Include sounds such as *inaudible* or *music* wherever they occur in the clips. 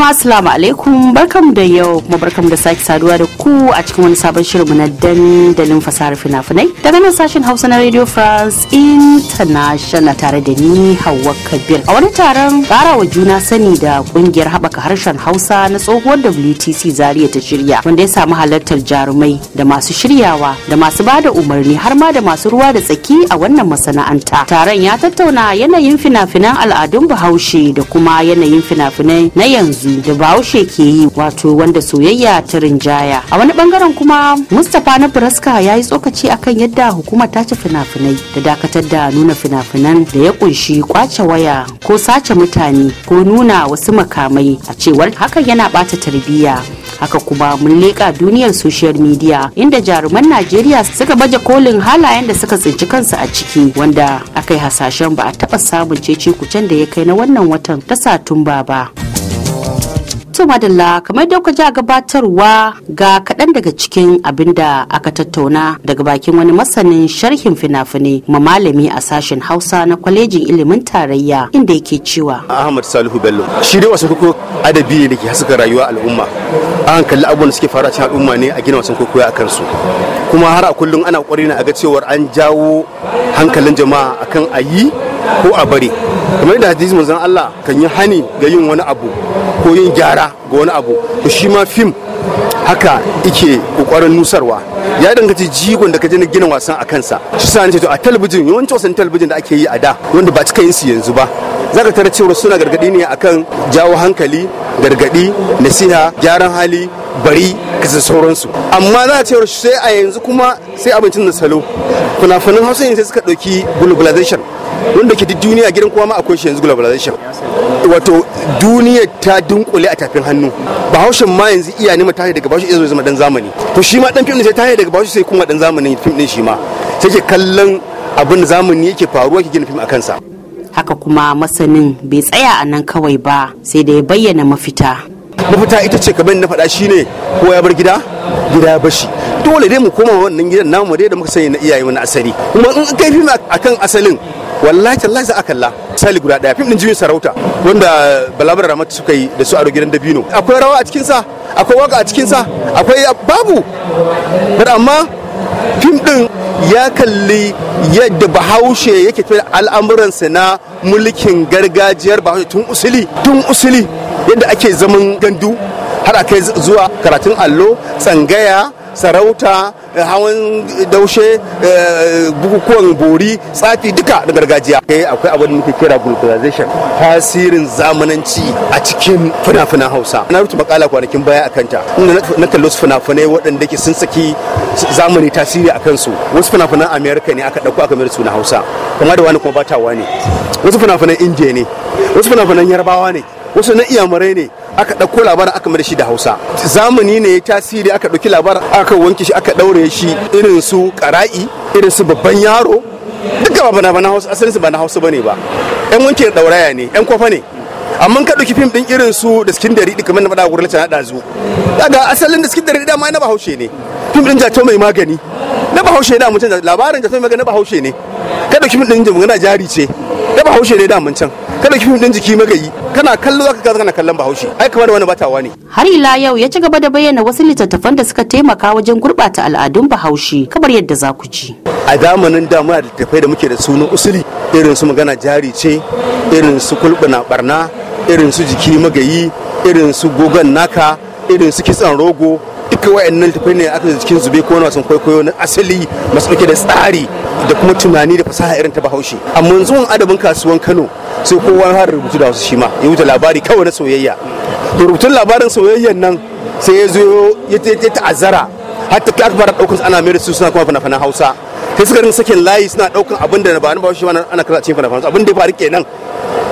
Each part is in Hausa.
jama'a assalamu alaikum barkam da yau kuma barkam da sake saduwa da ku a cikin wani sabon shirinmu na dandalin fasahar fina-finai daga nan sashen hausa na radio france international tare da ni hawa kabir a wani taron wa juna sani da kungiyar haɓaka harshen hausa na tsohuwar wtc zaria ta shirya wanda ya samu halartar jarumai da masu shiryawa da masu ba da umarni har ma da masu ruwa da tsaki a wannan masana'anta taron ya tattauna yanayin fina-finan al'adun bahaushe da kuma yanayin fina-finai na yanzu daji da bahaushe ke yi wato wanda soyayya ta rinjaya a wani bangaren kuma mustapha na buraska ya yi tsokaci akan yadda hukuma ta ci fina-finai da dakatar da nuna fina-finan da ya kunshi kwace waya ko sace mutane ko nuna wasu makamai a cewar hakan yana bata tarbiyya haka kuma mun leƙa duniyar social media inda jaruman najeriya suka baje kolin halayen da suka tsinci kansu a ciki wanda aka hasashen ba a taɓa samun cece kucen da ya kai na wannan watan ta satumba ba. To madalla kamar da kuka ji a gabatarwa ga kaɗan daga cikin abin da aka tattauna daga bakin wani masanin sharhin fina-finai ma malami a sashen Hausa na kwalejin ilimin tarayya inda yake cewa. Ahmad Salihu Bello shi dai wasu koko adabi ne da ke haska rayuwa al'umma. An kalli abubuwan da suke fara a cikin al'umma ne a gina wasan kokoya a kansu. Kuma har a kullum ana ƙoƙari na a ga cewar an jawo hankalin jama'a akan a yi ko a bari kamar da hadisi manzon Allah kan yi hani ga yin wani abu ko yin gyara ga wani abu to shi ma fim haka ike kokarin nusarwa ya danganci jigon da ka je na gina wasan a kansa shi sa ce to a talabijin yawancin wasan talabijin da ake yi a da wanda ba cika yin su yanzu ba za ka tara cewa suna gargadi ne akan jawo hankali gargadi nasiha gyaran hali bari kasa sauransu amma za a cewa sai a yanzu kuma sai abincin da salo fina-finan hausa yanzu suka ɗauki globalization wanda ke duk duniya gidan kowa ma akwai shi yanzu globalization wato duniya ta dunkule a tafin hannu bahaushen ma yanzu iya nima tashi daga bahaushe iya zama dan zamani to shi ma dan fim din sai tashi daga bahaushe sai kuma dan zamani fim din shi ma sai ke kallon abin zamani yake faruwa ke gina fim a kansa haka kuma masanin bai tsaya a nan kawai ba sai da ya bayyana mafita mafita ita ce kamar na faɗa shine ko ya bar gida gida bashi dole dai mu koma wannan gidan namu dai da muka sani na iyaye na asali kuma in kai fim akan asalin wallahi za a kalla misali guda daya fim din jimin sarauta wanda balabar ramatu suka yi da su aro gidan dabino akwai rawa a cikinsa akwai waka a cikinsa akwai babu amma fim din ya kalli yadda bahaushe yake tafiya al'amuransa na mulkin gargajiyar bahaushe tun usuli tun usuli yadda ake zaman gandu har a kai zuwa karatun allo tsangaya sarauta eh, hawan daushe eh, bukukuwan bori tsafi duka na gargajiya kai eh, akwai abin da muke kira globalization tasirin zamananci a cikin fina-finan hausa na rubuta makala kwanakin baya a kanta inda na kalli wasu fina-finai waɗanda ke sun saki zamani tasiri a kansu wasu fina-finan amerika ne aka ɗauko aka mayar su na hausa Kuma da wani kuma ta wani. wasu fina-finan indiya ne wasu fina-finan yarbawa ne wasu na iyamurai ne aka ɗauko labarin aka mai shi da hausa zamani ne ya tasiri aka ɗauki labarin aka wanke shi aka ɗaure shi irin su ƙara'i irin su babban yaro duka ba bana hausa asalin su bana hausa bane ba yan wanke ɗauraya ne yan kwafa ne amma ka ɗauki fim ɗin irin su da skin dari kamar na faɗa gurin na ɗazu daga asalin da skin dari dama na bahaushe ne fim ɗin jato mai magani na bahaushe na mutum labarin jato mai magani na bahaushe ne ka ɗauki fim ɗin na jari ce bahaushe ne mun can kada ki din jiki magayi kana kallo zaka ga kana kallon bahaushe ai kamar wani batawa ne har ila yau ya ci gaba da bayyana wasu litattafan da suka taimaka wajen gurbata al'adun bahaushe kamar yadda za ku ji a zamanin da muna littattafai da muke da sunan usuli irin su magana jari ce irin su kulbuna barna irin su jiki magayi irin su gogon naka irin su kitsan rogo duka nan tafai ne aka cikin zube ko wasan kwaikwayo na asali masu ɗauke da tsari da kuma tunani da fasaha irin ta bahaushe amma yanzu wani adabin kasuwan kano sai kowa har rubutu da wasu shi ma ya wuce labari kawai na soyayya to rubutun labarin soyayyan nan sai ya zo ya ta'azzara har ta akbar ɗaukar ana mai da su suna kuma fana-fanan hausa sai suka rin sakin layi suna ɗaukar abin da ba na bahaushe ana kasa cikin fana-fanan abin da ya faru kenan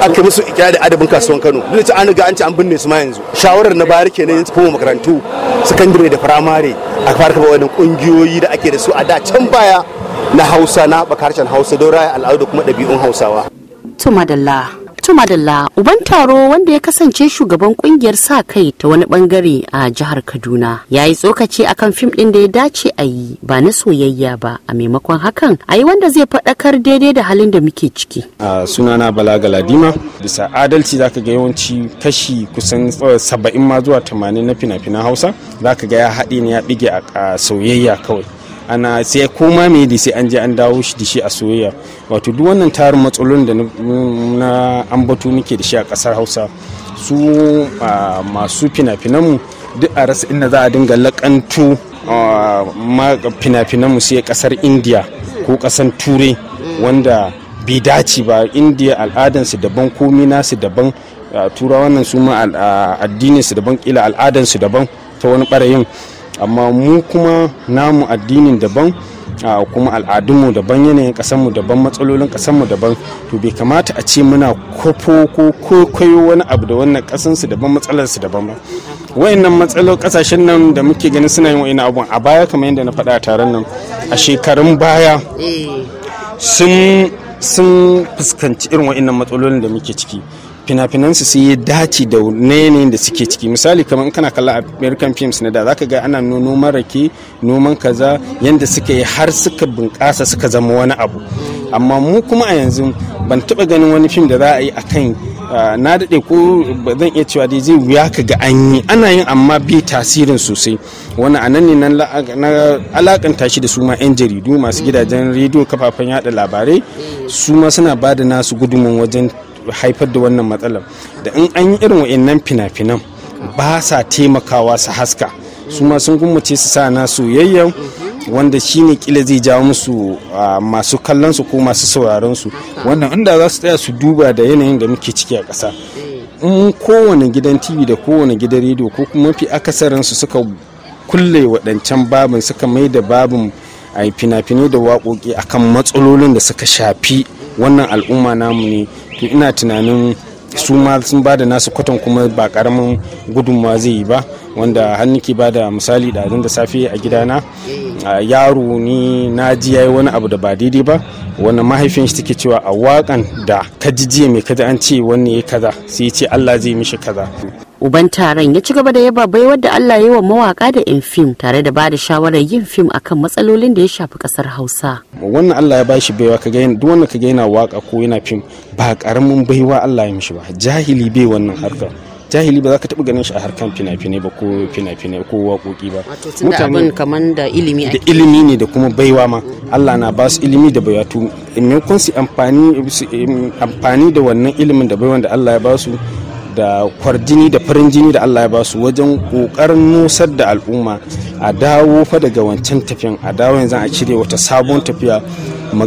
aka musu ikira da adabin kasuwan Kano duk da an ga an ci an binne su ma yanzu shawarar na bari kenan yanzu kuma makarantu sakandare da firamare a fara kafa wannan kungiyoyi da ake da su a da can baya na Hausa na bakarshen Hausa don raya al'adu kuma ɗabi'un Hausawa. To madalla to madalla uban taro wanda ya kasance shugaban kungiyar sa kai ta wani bangare a jihar kaduna ya yi tsokaci akan fim ɗin da ya dace a yi ba na soyayya ba a maimakon hakan a yi wanda zai faɗakar daidai da halin da muke ciki a sunana bala galadima bisa adalci zaka ga yawanci kashi kusan eh, saba'in ma zuwa tamanin na fina-finan hausa zaka ga ya haɗe ne ya bige a soyayya kawai ana sai koma me da sai an je an dawo shi da shi a soyayya wato duk wannan tarin matsalolin da na ambato muke da shi a kasar hausa su masu fina-finanmu duk a rasa inda za a dinga lakantu fina-finanmu sai kasar indiya ko kasar turai wanda bai dace ba indiya al'adansu daban komi nasu daban turawan nan su ma addininsu daban kila al'adansu daban ta wani barayin amma mu kuma namu addinin daban kuma al'adunmu daban yanayin ƙasarmu daban matsalolin ƙasarmu daban to bai kamata a ce muna kofo ko kwaikwayo wani abu da wannan ƙasansu daban matsalarsu daban ba wayannan matsalar ƙasashen nan da muke ganin suna yin wayannan abun a baya kamar yadda na faɗa a taron nan a shekarun baya eh. sun sun fuskanci irin wayannan matsalolin da muke ciki fina-finansu sai ya dace da yanayin da suke ciki misali kamar in kana kalla american films na da zaka ga ana noman rake noman kaza yadda suka yi har suka bunƙasa suka zama wani abu amma mu kuma a yanzu ban taɓa ganin wani fim da za a yi a akan ah, na daɗe ko zan iya cewa dai zai wuya ka ga an yi ana yin amma bi tasirin sosai wani anan ne na alakanta shi da su ma 'yan jaridu masu gidajen rediyo kafafen yada labarai su ma suna ba da nasu gudunmu wajen haifar da wannan matsalar da in an yi irin wa'annan fina-finan ba sa taimakawa su haska su ma sun gummace su sa na soyayya wanda shi ne kila zai jawo musu masu kallon su ko masu sauraron su wannan inda za su tsaya su duba da yanayin da muke ciki a ƙasa in kowane gidan tv da kowane gidan rediyo ko kuma mafi akasarin su suka kulle waɗancan babin suka mai da babin a fina-finai da waƙoƙi akan matsalolin da suka shafi wannan al'umma namu ne ina tunanin su ma sun ba da nasu kwatan kuma ba karamin gudunmawa zai yi ba wanda har nake ba da misali da da safe a gidana yaro ni na ji yayi wani abu da ba daidai ba wani mahaifin shi take cewa a wakan da ka jiya mai kaji an ce wani ya kaza sai ce Allah zai mishi kaza uban taron ya ci gaba da yaba bai wadda Allah yi wa mawaka da 'yan fim tare da ba da shawarar yin fim akan matsalolin da ya shafi kasar Hausa. Wannan Allah ya bashi baiwa ka ga duk wanda ka ga yana waka ko yana fim ba karamin baiwa Allah ya mishi ba jahili bai wannan harka. jahili ba za ka taɓa ganin shi a harkan fina-finai ba ko fina-finai ko waƙoƙi ba mutane da ilimi da ilimi ne da kuma baiwa ma Allah na ba su ilimi da baiwa to maimakon su amfani da wannan ilimin da baiwan da Allah ya ba su da kwarjini da farin jini da Allah ya basu wajen kokarin nusar da al'umma a dawo fa daga wancan tafiyan a dawo yanzu a cire wata sabon tafiya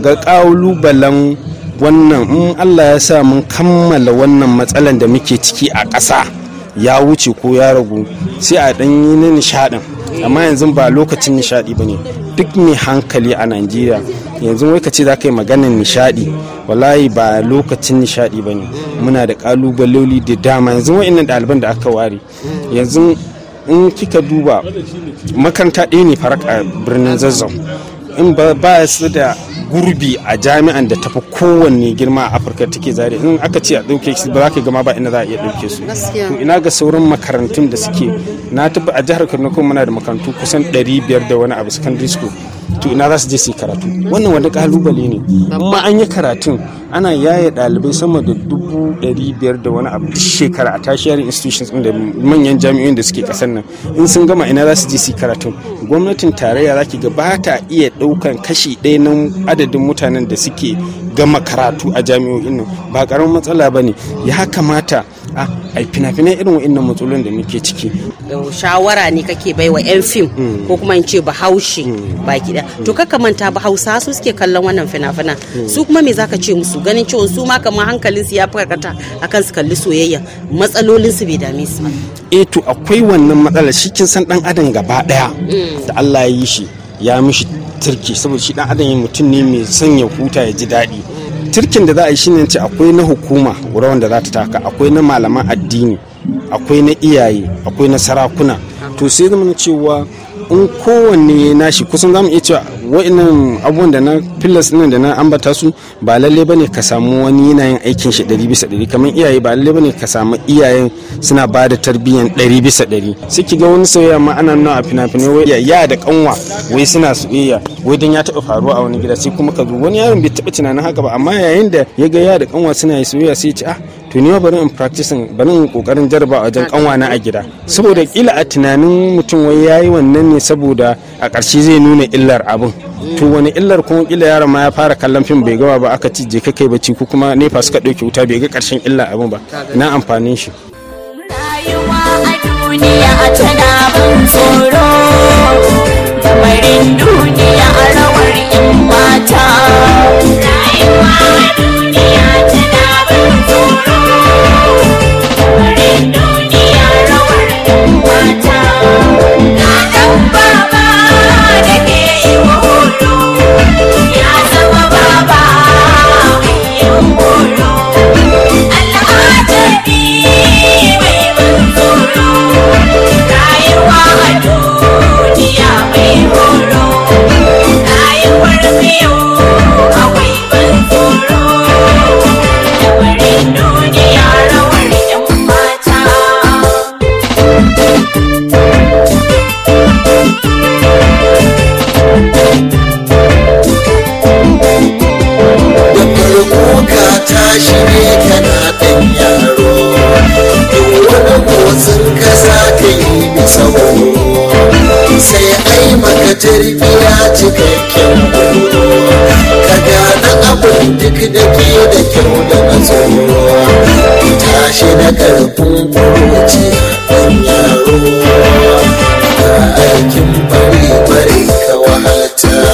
ga kalubalen wannan in Allah ya sa mun kammala wannan matsalan da muke ciki a ƙasa ya wuce ko ya ragu sai a dan yi na nishadin amma yanzu ba lokacin nishadi bane duk mai hankali a Najeriya yanzu wai ka ce za ka yi maganin nishadi wallahi ba lokacin nishadi bane muna da kalubaloli da dama yanzu wa'annan ɗaliban da aka ware yanzu in kika duba makaranta ɗaya ne farak a birnin zazzau in ba su da gurbi a jami'an da tafi kowanne girma a afirka take zare in aka ce a ɗauke su ba za ka gama ba ina za a iya ɗauke su to ina ga sauran makarantun da suke na tafi a jihar kaduna kuma muna da makarantu kusan 500 da wani abu secondary school to ina za su je su yi karatu wannan wani kalubale ne amma an yi karatun ana yaye dalibai sama da dubu ɗari biyar da wani abu duk shekara a tertiary institutions da manyan jami'o'in da suke kasar nan in sun gama ina za su je su karatu gwamnatin tarayya za ki ga ba ta iya ɗaukan kashi ɗaya na adadin mutanen da suke gama karatu a jami'o'in nan ba ƙaramin matsala ba ne ya kamata a ai fina-finai irin wa'annan matsalolin da muke ciki shawara ne kake bai wa 'yan fim mm. ko kuma in ce bahaushe mm. baki da to mm. kaka manta bahausa su suke kallon wannan fina fina su kuma me zaka ce musu ganin cewa su ma kamar hankalin su ya farkata akan su kalli soyayya matsalolin su bai dame su eh to akwai wannan matsalar shi kin san dan adam gaba daya mm. da Allah ya yi shi ya mishi turki saboda shi dan adam ya mutum ne mai son ya huta ya ji daɗi turkin da za a yi shine ce akwai na hukuma wurin da za ta taka akwai na malaman addini akwai na iyaye akwai na sarakuna to sai zama cewa in kowanne nashi kusan zamu iya cewa wa'annan abubuwan da na filas ɗin da na ambata su ba lalle bane ka samu wani yanayin aikin shi ɗari bisa ɗari kamar iyaye ba lalle bane ka samu iyayen suna ba da tarbiyyan ɗari bisa ɗari sai ki ga wani sauya ma ana nuna a fina-finai wai ya da kanwa wai suna iya wai don ya taɓa faruwa a wani gida sai kuma ka zo wani yaron bai taɓa tunanin haka ba amma yayin da ya ga ya da kanwa suna yi soyayya sai ya ce ah to ma bari in practice bari in kokarin jarba a wajen kanwana a gida saboda kila a tunanin mutum wai yayi wannan ne saboda a karshe zai nuna illar abin to wani illar kuma kila yaron ma ya fara kallon fim bai gaba ba aka ci je kai bacci ko kuma nefa suka ɗauke wuta bai ga ƙarshen illar abin ba na amfanin shi a duniya tana ban tsoro duniya rawar yan mata rayuwa America. tashi ne kana ɗan yaro in wani motsin ka za ka yi bisa sai ai maka tarbiya cikakken buru ka gane abin duk da ke da kyau da na tsoro tashi da karfin kuruci ɗan yaro aikin bari bari ka wahalta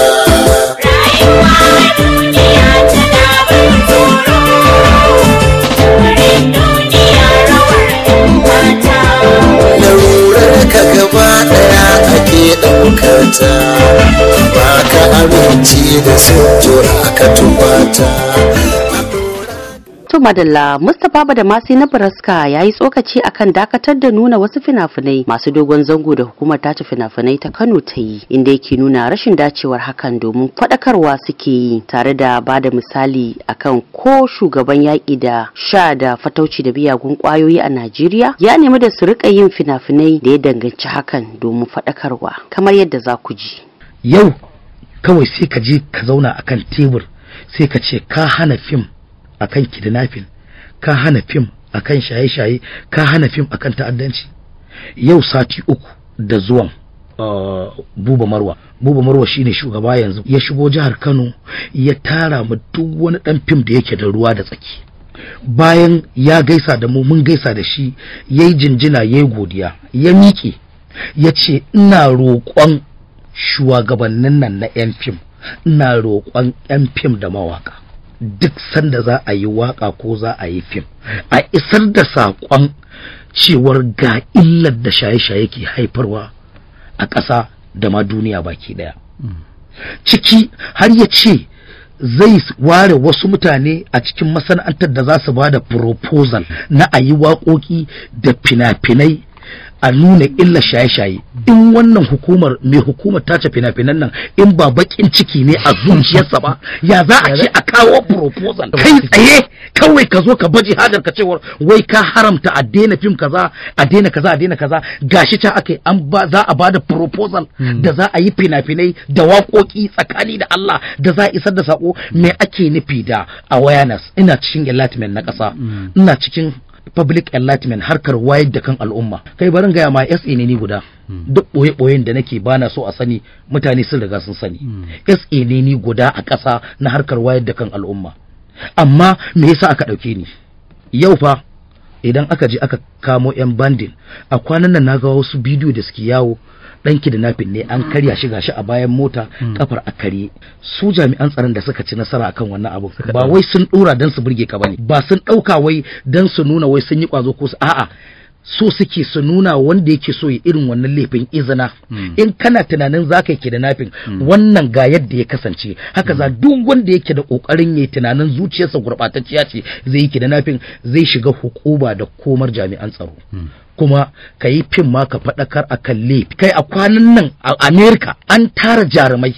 kata ba ka aminci da sutura ka tubata To madalla Mustapha Badamasi na Baraska ya yi tsokaci akan dakatar da nuna wasu finafinai masu dogon zango da hukumar tace fina-finai ta Kano ta yi inda yake nuna rashin dacewar hakan domin faɗakarwa suke yi tare da ba da misali akan ko shugaban yaƙi da sha da fatauci da biyagun ƙwayoyi a Najeriya ya nemi da su riƙa yin finafinai da ya danganci hakan domin faɗakarwa kamar yadda za ku ji. Yau kawai sai ka je ka zauna akan tebur sai ka ce ka hana fim akan kidnapping ka hana fim akan shaye-shaye ka hana fim akan ta'addanci yau sati uku da zuwan Uh, buba marwa buba marwa shine shugaba yanzu ya shigo jihar kano ya tara mu duk wani dan fim da yake da ruwa da tsaki bayan ya gaisa da mu mun gaisa da shi ya yi jinjina ya yi godiya ya miƙe ya ce ina roƙon shugabannin nan na 'yan fim ina roƙon 'yan fim da mawaka duk sanda za a yi waka ko za a yi fim a isar da saƙon cewar ga illar da shaye-shaye ke haifarwa a ƙasa da ma duniya baki ɗaya ciki har ya ce zai ware wasu mutane a cikin masana'antar da za su ba da proposal na a yi waƙoƙi da fina-finai a nuna illa shaye-shaye in wannan hukumar mai hukumar tace fina-finan nan in ba bakin ciki ne a zuciyarsa ba ya za a ce a kawo proposal kai tsaye kawai ka zo ka baji hajar ka cewar wai ka haramta a daina fim kaza a daina kaza a daina kaza gashi ta aka an ba za a bada proposal hmm. da za a yi fina-finai da waƙoƙi tsakani da Allah da za a isar da sako me ake nufi da awareness ina cikin enlightenment na ƙasa hmm. ina cikin public enlightenment harkar wayar da kan al'umma kai barin gaya ma SA ne ni guda hmm. duk boye boyen da nake ba na so a sani mutane sun riga sun sani hmm. SA ne ni guda a ƙasa na harkar wayar da kan al'umma amma me yasa aka ɗauke ni yau fa idan aka je aka kamo yan bandin a kwanan nan na ga wasu bidiyo da suke yawo dan kidnapping ne an karya shi gashi a bayan mota hmm. kafar a kare su jami'an tsaron da suka ci nasara akan wannan abu ba wai sun dora dan su burge ka bane ba sun dauka wai dan su nuna wai sun yi kwazo ko su a'a so suke su nuna wanda yake so ya irin wannan laifin izina hmm. in kana tunanin zaka yi kidnapping hmm. wannan ga yadda ya kasance haka za duk wanda yake da kokarin yayi tunanin zuciyarsa gurbatacciya ce zai yi kidnapping zai shiga hukuma da komar jami'an tsaro kuma ka yi fim ma ka faɗakar a kalle kai a kwanan nan a amerika an tara jarumai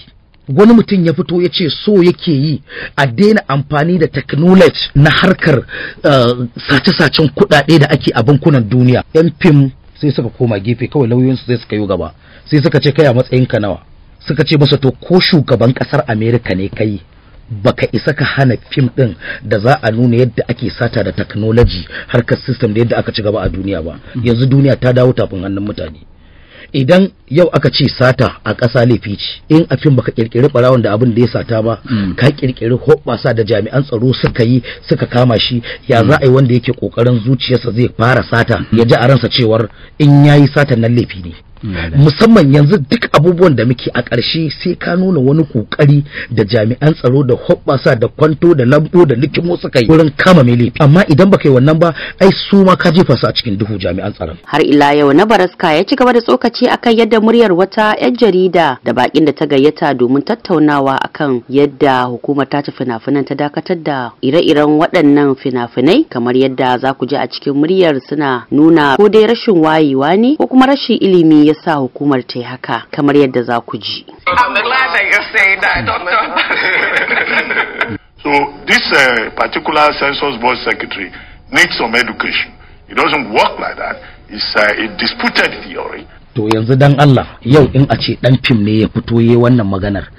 wani mutum ya fito ya ce so yake yi a daina amfani da technology na harkar uh, sace-sacen kuɗaɗe da ake a bankunan duniya yan fim sai suka koma gefe kawai lauyoyinsu sai suka yi gaba sai suka ce kai a matsayinka nawa suka ce masa to ko shugaban ƙasar amerika ne kai baka isa ka hana fim din da za a nuna yadda ake sata da technology harkar system da yadda aka ci gaba a duniya ba mm. yanzu duniya ta dawo tafin hannun mutane idan yau aka ce sata a ƙasa laifi ce in a fim baka kirkiri barawon da abin da ya sata ba mm. ka kirkiri hoɓasa da jami'an tsaro suka yi suka kama shi ya mm. za a yi wanda yake ƙoƙarin zuciyarsa zai fara sata ya ji a ransa cewar in yayi satan nan laifi ne musamman yanzu duk abubuwan da muke a ƙarshe sai ka nuna wani kokari da jami'an tsaro da hoɓɓasa da kwanto da lambo da likimo suka yi wurin kama mai laifi amma idan baka yi wannan ba ai su ma ka jefa su a cikin duhu jami'an tsaron har ila yau na baraska ya ci gaba da tsokaci akan yadda muryar wata 'yan jarida da bakin da ta gayyata domin tattaunawa akan yadda hukumar ta ci fina-finan ta dakatar da ire-iren waɗannan fina-finai kamar yadda za ku ji a cikin muryar suna nuna ko dai rashin wayewa ne ko kuma rashin ilimi ya sa hukumar ta yi haka kamar yadda za ku ji. *laughs* So this uh, particular census board secretary needs some education. It doesn't work like that. It's uh, a disputed theory. to yanzu dan Allah yau in a ce dan fim ne ya fito ye wannan maganar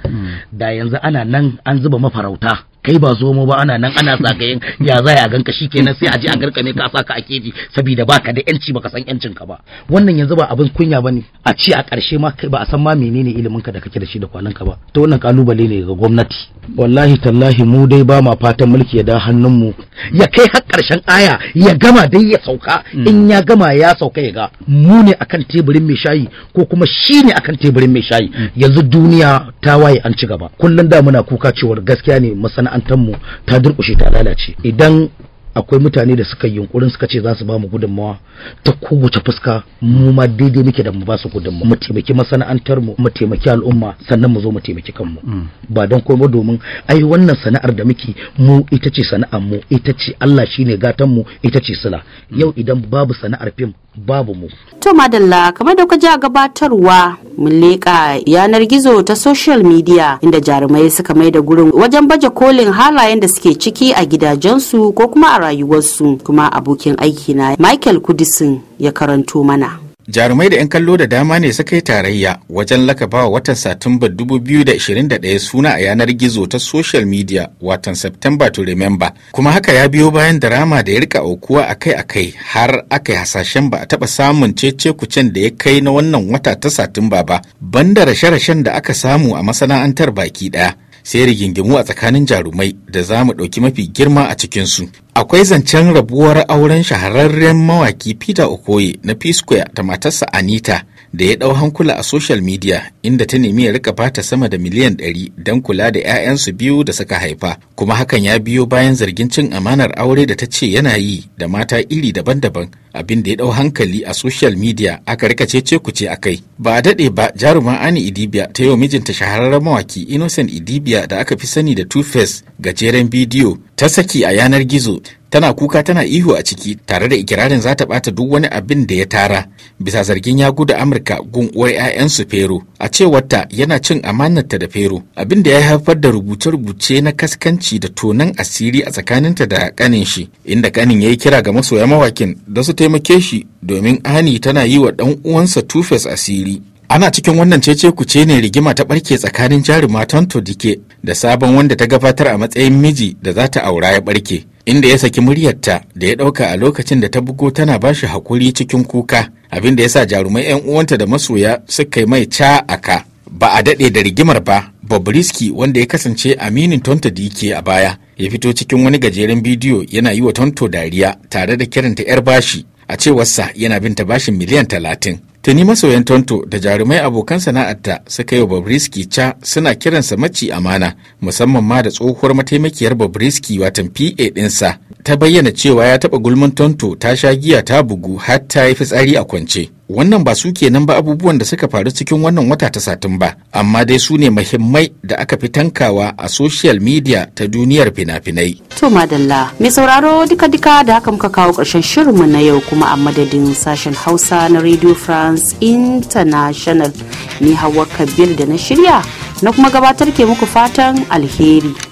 da yanzu ana nan an zuba mafarauta kai ba zo mu ba ana nan ana zagayen ya za ya ganka kenan sai a ji a garkame ka saka a keji saboda baka da yanci baka san yancin ka ba wannan yanzu ba abin kunya bane a ci a karshe ma kai ba a san ma menene ilimin ka da kake da shi da kwanan ka ba to wannan kalubale ne ga gwamnati wallahi tallahi mu dai ba ma fatan mulki ya da hannun mu ya kai har karshen aya ya gama dai ya sauka mm. in ya gama ya sauka ya ga mu ne akan teburin mai shayi ko kuma shi ne akan teburin mai shayi mm. yanzu duniya ta waye an ci gaba kullum da muna kuka cewar gaskiya ne masana masana'antar mu ta durƙushe ta lalace idan akwai mutane da suka yunkurin suka ce za su ba mu gudunmawa ta kowace fuska mu ma daidai muke da mu ba su gudunmawa mu taimaki masana'antar mu mu taimaki al'umma sannan mu zo mu taimaki kanmu mm. ba don komai domin ai wannan sana'ar da muke mu ita ce sana'ar mu ita ce Allah shine gatan mu ita ce sila mm. yau idan babu sana'ar fim babu mu to madalla kamar da ji gabatarwa mun leka yanar gizo ta social media inda jarumai suka mai da gurin wajen baje kolin halayen da suke ciki a gidajensu ko kuma a rayuwarsu kuma abokin aikina michael kudisin ya karanto mana jarumai da 'yan kallo da dama ne suka yi tarayya wajen lakabawa watan satumba 2021 suna a yanar gizo ta social media watan september to remember kuma haka ya biyo bayan drama da ya rika aukuwa akai-akai har aka yi hasashen ba a taba samun cece kucen da ya kai na wannan wata ta satumba ba banda rashe-rashen da aka samu a masana'antar baki daya sai rigingimu a tsakanin jarumai da za mu ɗauki mafi girma a cikinsu akwai zancen rabuwar auren shahararren mawaki peter okoye na p-square da matarsa anita da ya ɗau hankula a social media inda ta nemi ya rika bata sama da miliyan 100 don kula da 'ya'yansu biyu da suka haifa kuma hakan ya biyo bayan zargin cin amanar aure da ta ce yana yi da mata iri daban-daban abin da ya ɗau hankali a social media aka rika cece ku a kai ba a daɗe ba jaruma ani idibia ta yau mijinta shahararren mawaki innocent idibia da aka fi sani da two face gajeren bidiyo ta saki a yanar gizo tana kuka tana ihu a ciki tare da ikirarin za ta bata duk wani abin da ya tara bisa zargin ya gudu amurka gun uwar 'ya'yansu fero a cewarta yana cin amanarta da fero abin da ya haifar da rubuce-rubuce na kaskanci da tonan asiri a tsakaninta da kanin shi inda kanin ya yi kira ga masoya mawakin da su taimake shi domin ani tana yi wa dan uwansa tufes asiri ana cikin wannan cece ce ne rigima ta barke tsakanin jarumatan dike da sabon wanda ta gabatar a matsayin miji da za ta aura ya barke inda ya saki muryarta da ya ɗauka a lokacin da ta bugo tana ba shi haƙuri cikin kuka abin da ya sa jarumai 'yan uwanta da masoya suka yi mai ca a ka ba a daɗe da rigimar ba Bobrisky wanda ya kasance aminin Tonto Dike a baya ya fito cikin wani gajeren bidiyo yana yi wa Tonto dariya tare da kiranta 'yar bashi a cewarsa yana binta bashin miliyan talatin tuni masoyan tonto da jarumai abokan sana'ar sana'arta suka yi wa babriski ca suna kiransa maci amana musamman ma da tsohuwar mataimakiyar babriski watan pa ɗinsa ta bayyana cewa ya taba gulman tonto ta sha giya ta bugu har ta yi fitsari a kwance wannan ba su kenan ba abubuwan da suka faru cikin wannan wata ta satin ba amma dai su ne muhimmai da aka fi tankawa a social media ta duniyar fina-finai. to madalla mai sauraro duka-duka da haka muka kawo ƙarshen shirinmu na yau kuma a madadin sashen hausa na radio france international ni hawa kabir da na shirya na kuma gabatar ke muku fatan alheri.